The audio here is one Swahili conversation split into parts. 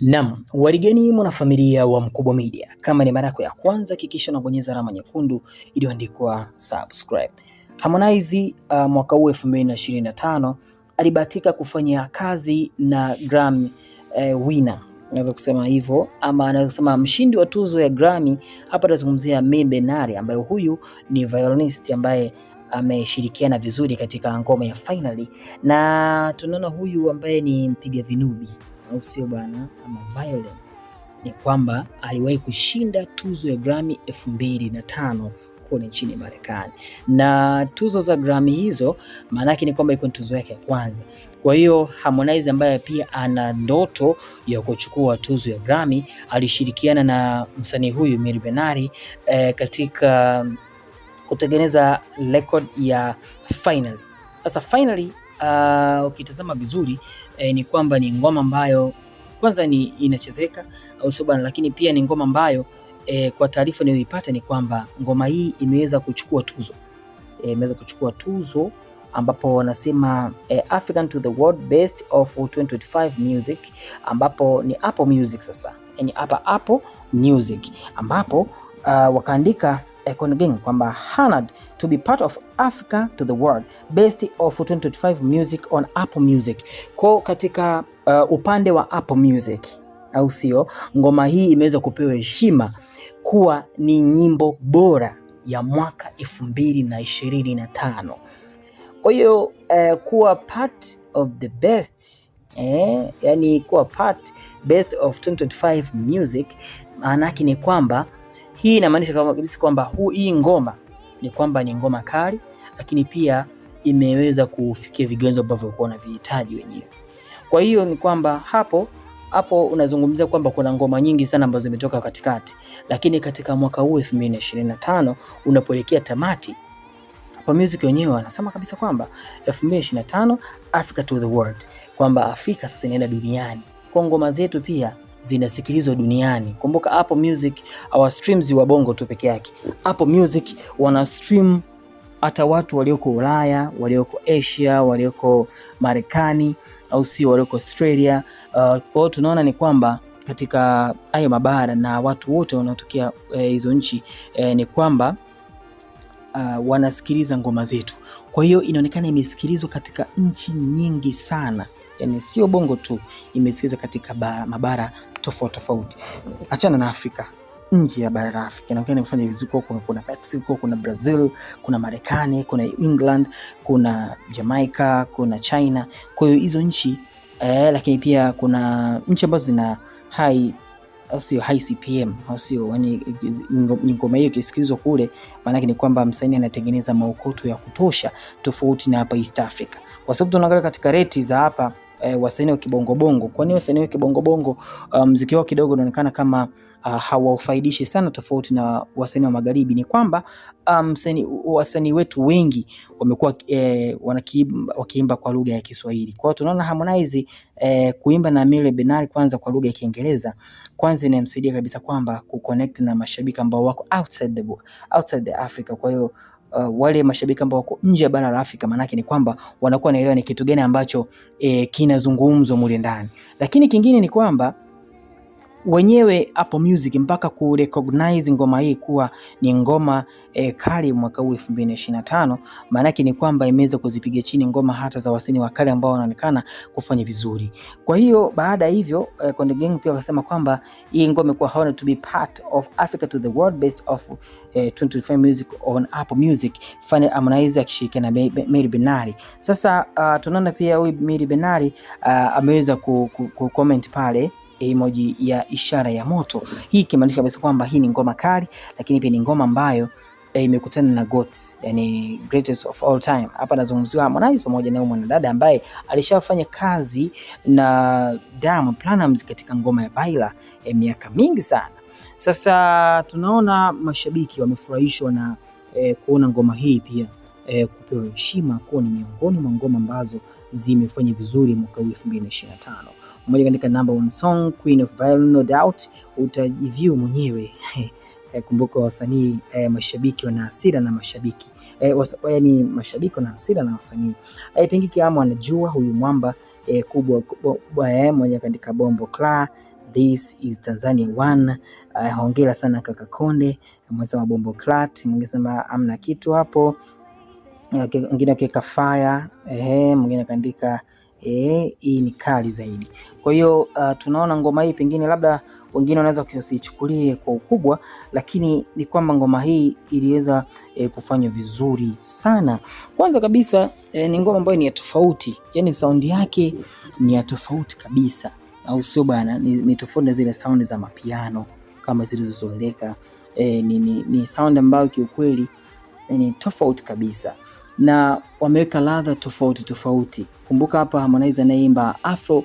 Naam, warigeni mwanafamilia wa Mkubwa Media. Kama ni mara yako ya kwanza hakikisha unabonyeza alama nyekundu iliyoandikwa subscribe. Harmonize uh, mwaka huu 2025 alibahatika kufanya kazi na Grammy eh, winner naweza kusema hivyo ama naweza kusema mshindi wa tuzo ya Grammy. Hapa tunazungumzia Mimi Benari ambaye huyu ni violinist ambaye ameshirikiana vizuri katika ngoma ya Finally, na tunaona huyu ambaye ni mpiga vinubi au sio bwana? Ama Violin ni kwamba aliwahi kushinda tuzo ya Grammy elfu mbili na tano kule nchini Marekani, na tuzo za Grammy hizo maana yake ni kwamba iko tuzo yake ya kwanza. Kwa hiyo Harmonize ambaye pia ana ndoto ya kuchukua tuzo ya Grammy alishirikiana na msanii huyu Miri Benari eh, katika kutengeneza record ya Finally. Sasa Finally uh, ukitazama vizuri eh, ni kwamba ni ngoma ambayo kwanza ni inachezeka au sio lakini pia ni ngoma ambayo eh, kwa taarifa niliyoipata ni kwamba ngoma hii imeweza kuchukua tuzo eh, imeweza kuchukua tuzo ambapo wanasema eh, African to the World Best of 2025 Music, ambapo ni Apple Music sasa, yani hapa Apple Music ambapo uh, wakaandika Ekongeng kwamba honored to be part of Africa to the world best of 2025 music on Apple Music. Kwa katika uh, upande wa Apple Music, au sio? Ngoma hii imeweza kupewa heshima kuwa ni nyimbo bora ya mwaka 2025. Kwa hiyo uh, kuwa part of the best eh, yani kuwa part best of 2025 music maana yake ni kwamba hii inamaanisha kabisa kwamba hii ngoma ni kwamba ni ngoma kali, lakini pia imeweza kufikia vigezo ambavyo na vihitaji wenyewe. Kwa hiyo ni kwamba hapo hapo unazungumzia kwamba kuna ngoma nyingi sana ambazo zimetoka katikati, lakini katika mwaka huu 2025 unapoelekea tamati, kwa Music wenyewe wanasema kabisa kwamba 2025 Africa to the world, kwamba Afrika sasa inaenda duniani kwa ngoma zetu pia zinasikilizwa duniani. Kumbuka Apple Music hawa streams wa bongo tu peke yake. Apple Music wana stream hata watu walioko Ulaya, walioko Asia, walioko Marekani au sio, walioko Australia. Uh, kwa hiyo uh, tunaona ni kwamba katika hayo mabara na watu wote wanaotokea eh, hizo e, nchi e, ni kwamba uh, wanasikiliza ngoma zetu. Kwa hiyo inaonekana imesikilizwa katika nchi nyingi sana, yani sio bongo tu, imesikiliza katika bara, mabara tofauti tofauti. Achana na Afrika, nje ya bara la Afrika na nimefanya vizuri huko. Kuna Mexico, kuna Brazil, kuna Marekani, kuna England, kuna Jamaica, kuna China. Kwa hiyo hizo nchi eh, lakini pia kuna nchi ambazo zina high au sio high CPM au sio, yani ngoma hiyo ikisikilizwa kule, maanake ni kwamba msanii anatengeneza maokoto ya kutosha, tofauti na hapa East Africa, kwa sababu tunaangalia katika reti za hapa eh, wasanii wa kibongobongo. Kwa nini wasanii wa kibongobongo um, mziki um, wao kidogo unaonekana kama uh, hawaufaidishi sana, tofauti na wasanii wa magharibi? Ni kwamba um, wasanii wetu wengi wamekuwa eh, wakiimba kwa lugha ya Kiswahili. Kwa hiyo tunaona Harmonize eh, kuimba na Miley Benali kwanza kwa lugha ya Kiingereza kwanza inamsaidia kabisa kwamba kuconnect na mashabiki ambao wako outside the, outside the Africa kwa hiyo uh, wale mashabiki ambao wako nje ya bara la Afrika, maanake ni kwamba wanakuwa naelewa ni kitu gani ambacho e, kinazungumzwa mule ndani, lakini kingine ni kwamba wenyewe Apple Music mpaka ku recognize ngoma hii kuwa ni ngoma e, kali mwaka huu 2025. Maana yake ni kwamba imeweza kuzipiga chini ngoma hata za wasanii wa kale ambao wanaonekana kufanya vizuri. Kwa hiyo baada hivyo e, Konde Gang pia wakasema kwamba hii ngoma imekuwa hauna to be part of Africa to the world based of e, 2025 music on Apple Music Fani Harmonize akishirikiana na Mary Benari. Sasa uh, tunaona pia huyu Mary Benari uh, ameweza ku, ku, ku comment pale E, emoji ya ishara ya moto. Hii ikimaanisha kabisa kwamba hii ni ngoma kali, lakini pia ni ngoma ambayo e, imekutana na goats, yani greatest of all time. Hapa anazungumziwa Harmonize pamoja na mwanadada ambaye alishafanya kazi na Diamond Platnumz katika ngoma ya Baila e, miaka mingi sana. Sasa tunaona mashabiki wamefurahishwa na e, kuona ngoma hii pia eh, kupewa heshima kuwa ni miongoni mwa ngoma ambazo zimefanya vizuri mwaka huu 2025 moja kaandika number one song Queen of Violin, no doubt utajiview mwenyewe eh, Kumbuka wasanii eh, mashabiki wana hasira na mashabiki eh, was, yani eh, mashabiki wana hasira na wasanii eh, Pengi Kiamo anajua huyu mwamba eh, kubwa, kubwa eh, mwenye kaandika Bombo Kla, this is Tanzania one. Eh, hongera sana kaka Konde, mwenzama Bombo Clat, sema amna kitu hapo, eh, mwingine akiweka fire eh, mwingine akaandika eh, hii ni kali zaidi. Kwa hiyo uh, tunaona ngoma hii pengine labda wengine wanaweza kusichukulie kwa ukubwa, lakini ni kwamba ngoma hii iliweza e, kufanywa vizuri sana. Kwanza kabisa e, ni ngoma ambayo ni ya tofauti, yani saundi yake ni ya tofauti kabisa, au sio bana? Ni, ni tofauti na zile saundi za mapiano kama zilizozoeleka. E, ni, ni, ni saundi ambayo kiukweli e, ni tofauti kabisa na wameweka ladha tofauti tofauti. Kumbuka hapa Harmonize anayeimba afro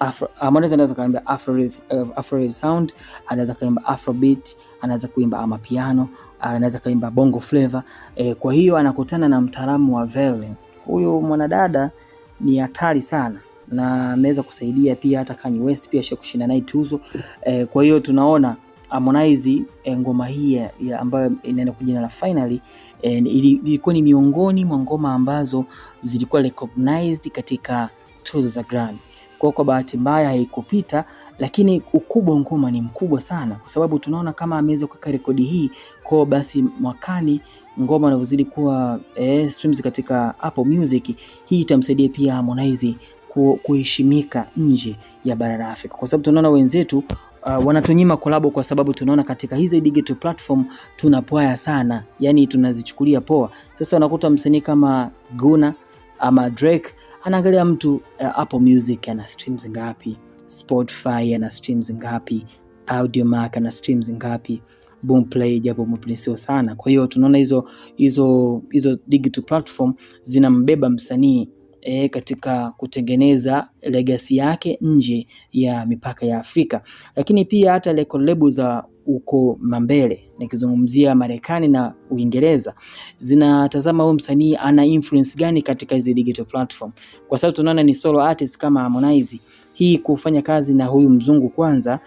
Afro, Harmonize anaweza kaimba afro, uh, afro sound, anaweza kaimba beat, anaweza kuimba piano, anaweza kaimba bongo flavor e, kwa hiyo anakutana na mtaalamu wa violin. Huyu mwanadada ni hatari sana na ameweza kusaidia pia hata Kanye West pia ashakushinda naye tuzo e, kwa hiyo tunaona Harmonize eh, ngoma hii ya ambayo inaenda kwa jina la Finally eh, ilikuwa ni miongoni mwa ngoma ambazo zilikuwa recognized katika tuzo za Grammy. Kwa kwa bahati mbaya haikupita, lakini ukubwa ngoma ni mkubwa sana, kwa sababu tunaona kama ameweza kuweka rekodi hii kwao, basi mwakani ngoma anavyozidi kuwa eh, streams katika Apple Music, hii itamsaidia pia Harmonize kuheshimika nje ya bara la Afrika, kwa sababu tunaona wenzetu uh, wanatunyima kolabo kwa sababu tunaona katika hizi digital platform tunapwaya sana, yani tunazichukulia poa. Sasa unakuta msanii kama Guna ama Drake anaangalia mtu uh, Apple Music ana streams ngapi, Spotify ana streams ngapi, Audiomack ana streams ngapi Boomplay japo Boomplay sio sana. Kwa hiyo tunaona hizo hizo hizo digital platform zinambeba msanii e, katika kutengeneza legacy yake nje ya mipaka ya Afrika, lakini pia hata record label za uko mambele nikizungumzia Marekani na Uingereza zinatazama huyu msanii ana influence gani katika hizi digital platform, kwa sababu tunaona ni solo artist kama Harmonize, hii kufanya kazi na huyu mzungu kwanza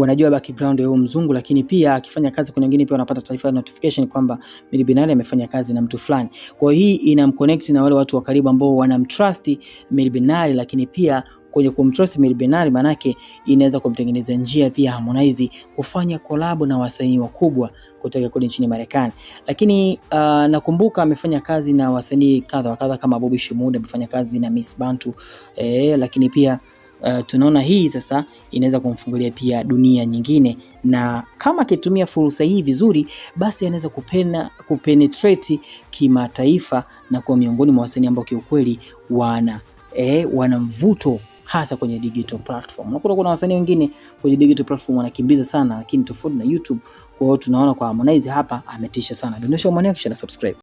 wanajua background ya huyo mzungu, lakini pia akifanya kazi kwenye nyingine pia wanapata taarifa ya notification kwamba Milly Binali amefanya kazi na mtu fulani. Kwa hiyo hii inamconnect na wale watu wa karibu ambao wanamtrust Milly Binali, lakini pia kwenye kumtrust Milly Binali manake inaweza kumtengeneza njia pia Harmonize kufanya collab na wasanii wakubwa kutoka kule nchini Marekani. Lakini uh, nakumbuka amefanya kazi na wasanii kadha wa kadha kama Bobby Shmurda amefanya kazi na Miss Bantu eh, lakini pia uh, tunaona hii sasa inaweza kumfungulia pia dunia nyingine, na kama akitumia fursa hii vizuri, basi anaweza kupena kupenetrate kimataifa na kuwa miongoni mwa wasanii ambao kiukweli wana eh, wana mvuto hasa kwenye digital platform. Unakuta kuna wasanii wengine kwenye digital platform wanakimbiza sana, lakini tofauti na YouTube. Kwa hiyo tunaona kwa Harmonize hapa ametisha sana. Dondosha maoni yako na subscribe.